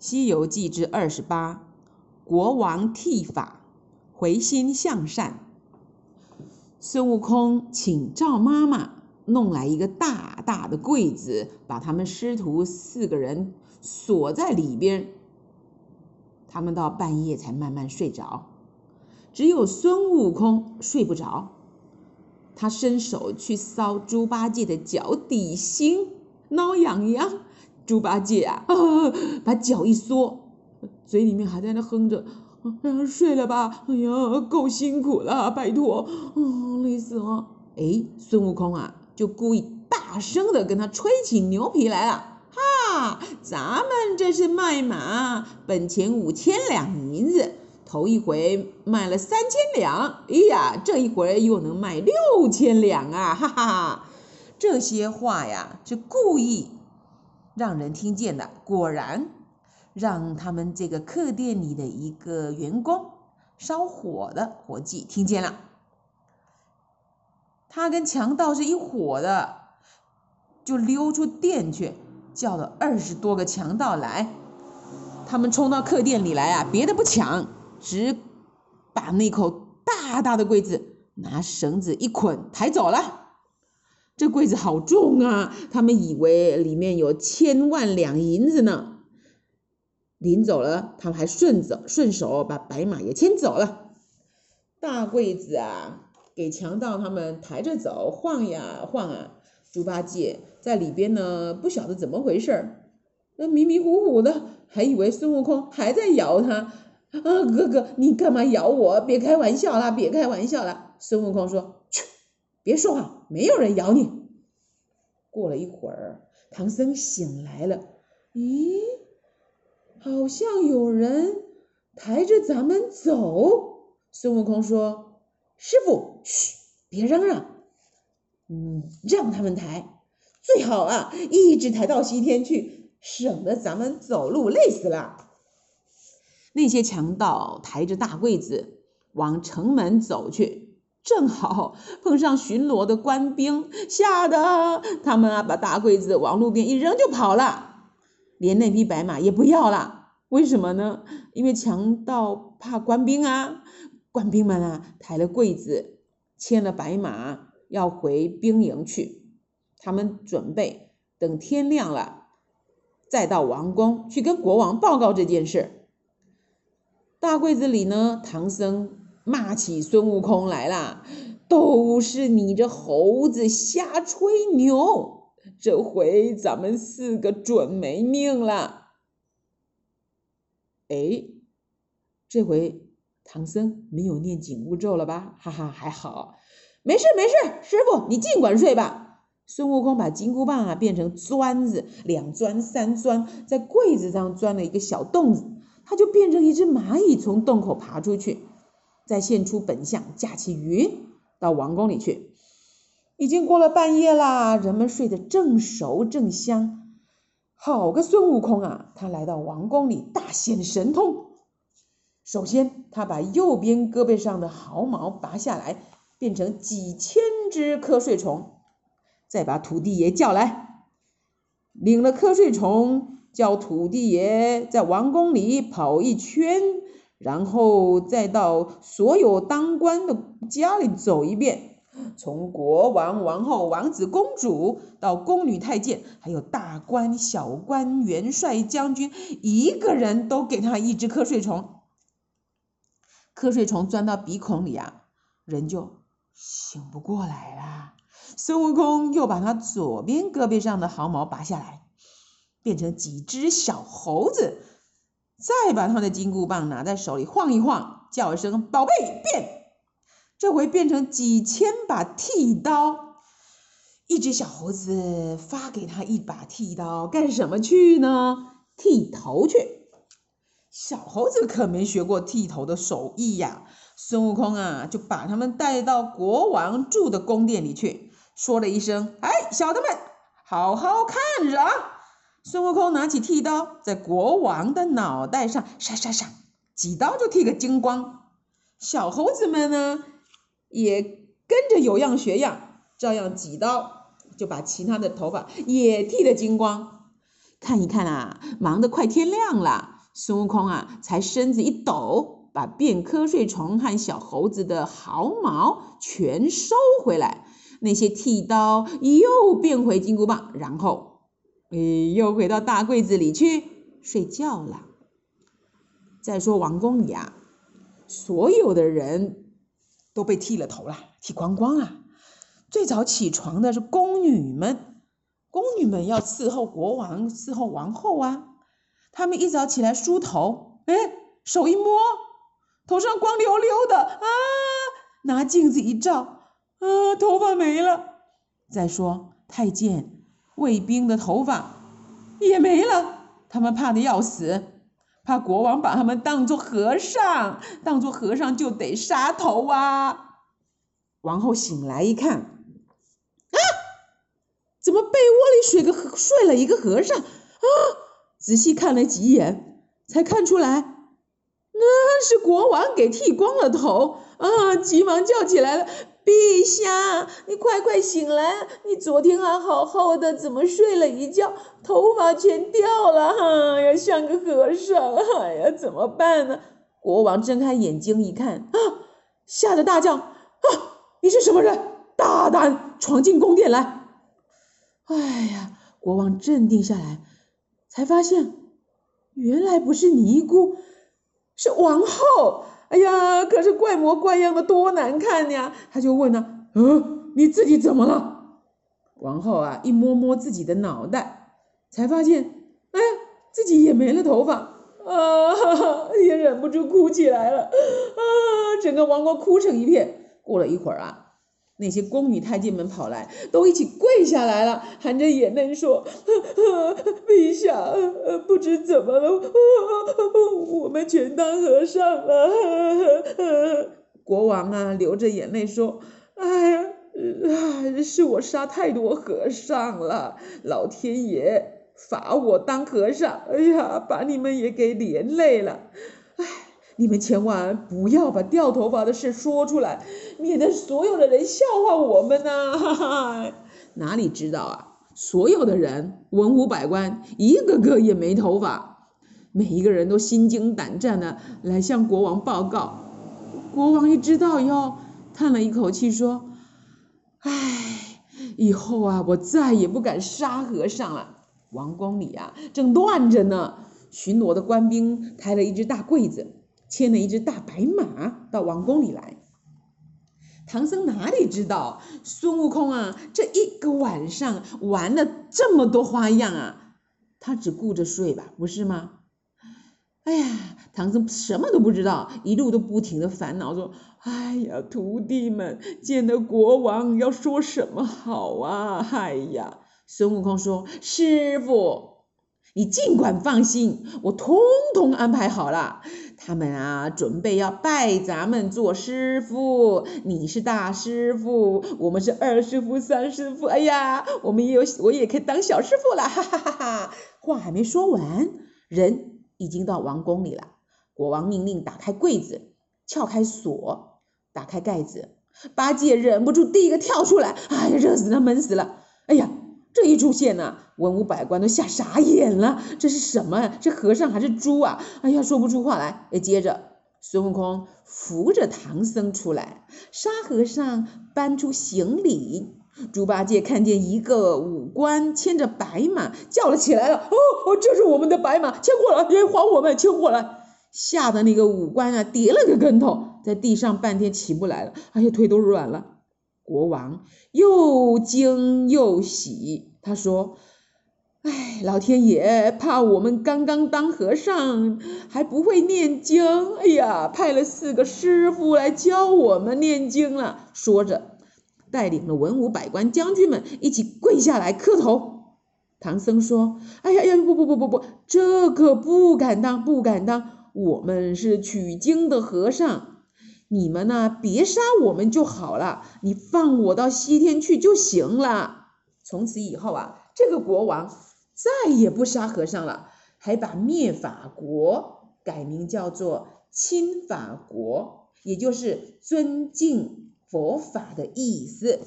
《西遊記》之二十八，國王剃髮，回心向善。孫悟空請趙媽媽弄來一個大大的櫃子，把他們師徒四個人鎖在裡邊。他們到半夜才慢慢睡着，只有孫悟空睡不着，他伸手去搔豬八戒的腳底心，撓癢癢。豬八戒啊，啊，把腳一縮，嘴裡面還在那哼着，啊啊、睡了吧？哎呀，夠辛苦了，拜託，啊，累死了！哎，孫悟空啊，就故意大聲地跟他吹起牛皮來了。哈，咱們這是賣馬，本錢五千兩銀子，頭一回賣了三千兩，哎呀，這一回又能賣六千兩啊！哈哈哈，這些話呀，是故意讓人聽見的，果然讓他們這個客店裡的一個員工燒火的夥計聽見了，他跟強盜是一夥的，就溜出店去叫了二十多個強盜來，他們衝到客店裡來啊，別的不搶，只把那口大大的櫃子拿繩子一捆抬走了。這櫃子好重啊！他們以為裡面有千萬兩銀子呢。臨走了，他們還順走，順手把白馬也牽走了。大櫃子啊，給強盜他們抬着走，晃呀晃啊。豬八戒在裡邊呢，不曉得怎麼回事兒，那迷迷糊糊的，還以為孫悟空還在咬他。啊，哥哥，你幹嘛咬我？別開玩笑啦，別開玩笑啦。孫悟空說：“去。”別說話，沒有人咬你。過了一會兒，唐僧醒來了，咦，好像有人抬着咱們走。孫悟空說：“師傅，噓，別嚷嚷。嗯，讓他們抬，最好啊，一直抬到西天去，省得咱們走路累死了。”那些強盜抬着大櫃子往城門走去。正好碰上巡邏的官兵，嚇得他們啊，把大櫃子往路邊一扔就跑了，連那匹白馬也不要了。為什麼呢？因為強盜怕官兵啊！官兵們啊，抬了櫃子，牽了白馬，要回兵營去。他們準備等天亮了，再到王宮去跟國王報告這件事。大櫃子裡呢，唐僧。罵起孫悟空來了，都是你這猴子瞎吹牛！這回咱們四個準沒命了。哎，這回唐僧沒有念緊箍咒了吧？哈哈，還好，沒事沒事，師傅你儘管睡吧。孫悟空把金箍棒啊變成鑽子，兩鑽三鑽，在櫃子上鑽了一個小洞子，他就變成一只螞蟻，從洞口爬出去。再現出本相，駕起雲到王宮裡去。已經過了半夜啦，人們睡得正熟正香。好個孫悟空啊！他來到王宮裡大顯神通。首先，他把右邊胳膊上的毫毛拔下來，變成幾千隻瞌睡蟲。再把土地爺叫來，領了瞌睡蟲，叫土地爺在王宮裡跑一圈。然後再到所有當官的家裡走一遍，從國王、王后、王子、公主，到宮女、太監，還有大官、小官、元帥、將軍，一個人都給他一隻瞌睡蟲。瞌睡蟲鑽到鼻孔裡啊，人就醒不過來了。孫悟空又把他左邊胳膊上的毫毛拔下來，變成幾只小猴子。再把他的金箍棒拿在手裡晃一晃，叫一聲“寶貝變”，這回變成幾千把剃刀。一只小猴子發給他一把剃刀，幹什麼去呢？剃頭去。小猴子可沒學過剃頭的手藝呀、啊。孫悟空啊，就把他們帶到國王住的宮殿裡去，說了一聲：“哎，小的們，好好看着啊。”孫悟空拿起剃刀，在國王的腦袋上，唰唰唰，幾刀就剃個精光。小猴子們呢，也跟着有樣學樣，照樣幾刀就把其他的頭髮也剃得精光。看一看啊，忙得快天亮了。孫悟空啊，才身子一抖，把變瞌睡蟲和小猴子的毫毛全收回來。那些剃刀又變回金箍棒，然後，呃，又回到大櫃子裡去睡覺了。再說王宮裡啊，所有的人都被剃了頭了，剃光光了。最早起床的是宮女們，宮女們要伺候國王，伺候王后啊。她們一早起來梳頭，哎，手一摸，頭上光溜溜的啊，拿鏡子一照，啊，頭髮沒了。再說太監。衛兵的頭髮也沒了，他們怕得要死，怕國王把他們當作和尚，當作和尚就得殺頭啊！王后醒來一看，啊，怎麼被窩裡睡個睡了一個和尚？啊，仔細看了幾眼，才看出來那是國王給剃光了頭，啊，急忙叫起來了。陛下，你快快醒來！你昨天還好好的，怎麼睡了一覺，頭髮全掉了？哎呀，像個和尚！哎呀，怎麼辦呢？國王睜開眼睛一看，啊，嚇得大叫：“啊，你是什麼人？大膽闖進宮殿來！”哎呀，國王鎮定下來，才發現原來不是尼姑，是王後。哎呀，可是怪模怪樣的多難看呀！他就問呢：“嗯、啊，你自己怎麼了？”王后啊，一摸摸自己的腦袋，才發現，哎呀，自己也沒了頭髮，啊，哈哈，也忍不住哭起來了，啊，整個王國哭成一片。過了一會兒啊。那些宮女太監們跑來，都一起跪下來了，含着眼淚說呵呵：“陛下，不知怎麼了，呵呵我們全當和尚了。呵呵呵”國王啊，流着眼淚說：“哎呀，是我殺太多和尚了，老天爺罰我當和尚。哎呀，把你們也給連累了。”你們千萬不要把掉頭髮的事說出來，免得所有的人笑話我們吶、啊！ 哪裡知道啊，所有的人，文武百官，一個個也沒頭髮，每一個人都心驚膽戰的來向國王報告。國王一知道以後嘆了一口氣說：“唉，以後啊，我再也不敢殺和尚了。”王宮裡啊，正亂着呢。巡邏的官兵抬了一只大櫃子。牽了一隻大白馬到王宮裡來，唐僧哪裡知道孫悟空啊，這一個晚上玩了這麼多花樣啊，他只顧着睡吧，不是嗎？哎呀，唐僧什麼都不知道，一路都不停的煩惱說：“哎呀，徒弟們，見了國王要說什麼好啊？”哎呀，孫悟空說：“師傅，你儘管放心，我通通安排好了。”他們啊，準備要拜咱們做師傅。你是大師傅，我們是二師傅、三師傅。哎呀，我們也有，我也可以當小師傅了。哈哈哈哈。話還沒說完，人已經到王宮裡了。國王命令打開櫃子，撬開鎖，打開蓋子。八戒忍不住第一個跳出來。哎呀，熱死了，悶死了。哎呀！這一出現呢，文武百官都嚇傻眼了。這是什麼啊？這和尚還是豬啊？哎呀，說不出話來。哎，接着孫悟空扶着唐僧出來，沙和尚搬出行李，豬八戒看見一個武官牽着白馬，叫了起來了：“哦哦，這是我們的白馬，牽過來，哎，還我們，牽過來！”嚇得那個武官啊，跌了個跟頭，在地上半天起不來了。哎呀，腿都軟了。國王又驚又喜，他說：“哎，老天爺，怕我們剛剛當和尚還不會念經，哎呀，派了四個師傅來教我們念經了。”說着，帶領了文武百官、將軍們一起跪下來磕頭。唐僧說：“哎呀呀，不不不不不，這可不敢當，不敢當，我們是取經的和尚。”你們吶、啊，別殺我們就好了，你放我到西天去就行了。從此以後啊，這個國王再也不殺和尚了，還把滅法國改名叫做欽法國，也就是尊敬佛法的意思。